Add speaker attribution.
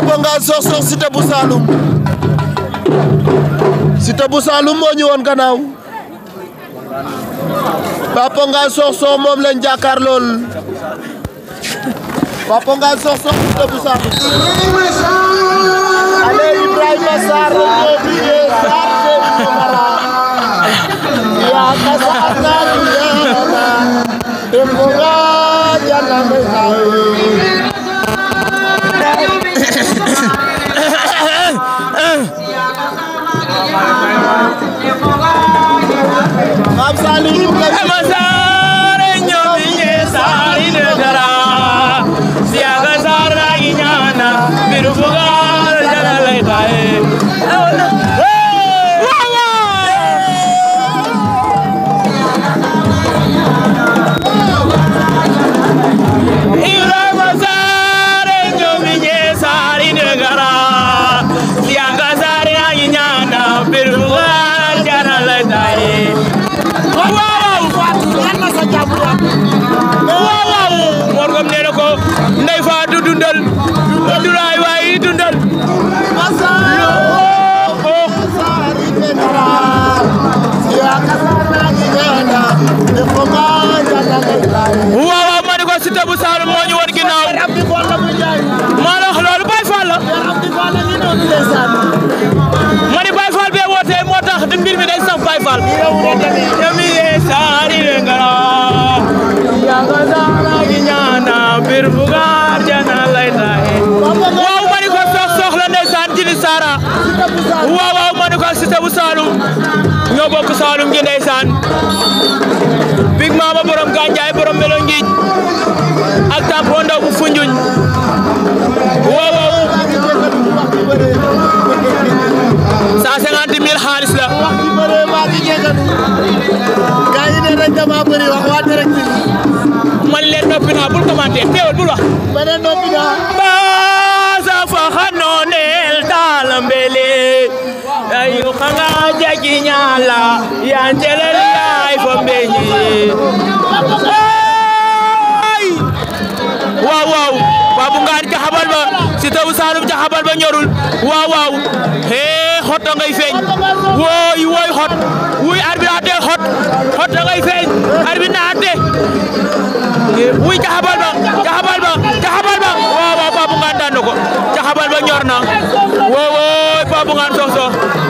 Speaker 1: drapeau nggak Sokh Sokh Siteu bu Saloum Siteu bu Saloum moo ñu woon gannaaw drapeau Ngane Sokh Sokh moom lañ jàkkaar lool drapeau Ngane Sokh Sokh Siteu ale Ibrahima Sarr ñoo bigee Ya kasar Mara yaa waay faatu dundal Abdoulaye waay dundal waaw waaw ma ne ko Siteu bu Saalum moo ñu woon ginnaaw maa la wax loolu Baye Fall la ma ne Baye Fall bee wootee moo tax mbir mi day saf Baye Fall waaw waaw ma ne ko Cissé bu Saloum Big Mama borom Gandiaye borom Melo akta ak Tampon Ndaw bu Foundiougne waaw waaw 150 000 xaalis la gaay ne dañ dama bëri wax waa direct man leen noppi naa bul commenter teewul bul wax ba sa fa xan xana jagi ñala ya njelel lay fo mbeñi waaw waaw babu ngar ba Siteu bu Saloum jaxabal ba ñorul waaw waaw he xoto ngay feeñ woy woy xot wuy arbitre ate xot xoto ngay feeñ arbitre na ate wuy jaxabal ba jaxabal ba ba waaw waaw daan na ko jaxabal ba ñor woy woy babu ngar